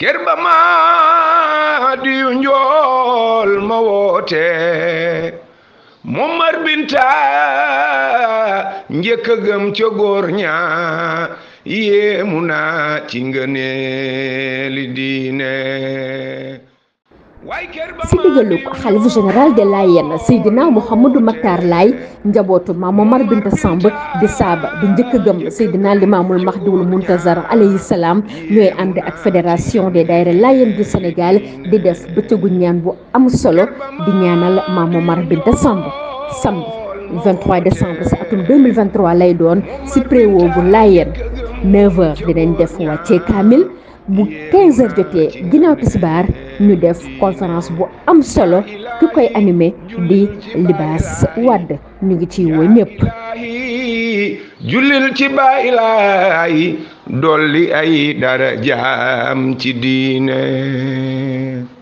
kër ba maa diyu njool ma woote momar binta njëkk a gëm ca góor ña yéemu naa ci ngëneeli diine Sidi digalu ko General général de Layène Sidina Mouhamadou Makar Lai njabootu Mamomar Omar Binta Samb di Saba di njëkk gëm Sidina Limaamul Mahdiwul Muntazar alayhi Salam, ñoy and ak fédération des Daire Layène du Sénégal di def bëccëgu ñaan bu am solo di ñaanal Mame Omar Binta Samb 23 décembre sa atum 2023 lay doon ci préwo bu Layène 9h dinañ def wacce kamil bu 15h jotté ginaaw tisbar ñu def conférence bu am solo ki koy animé di Libaas Wade ñu ngi ciy woo ñëpp. jullil ci baay laay dolli ay dara jaam ci diine.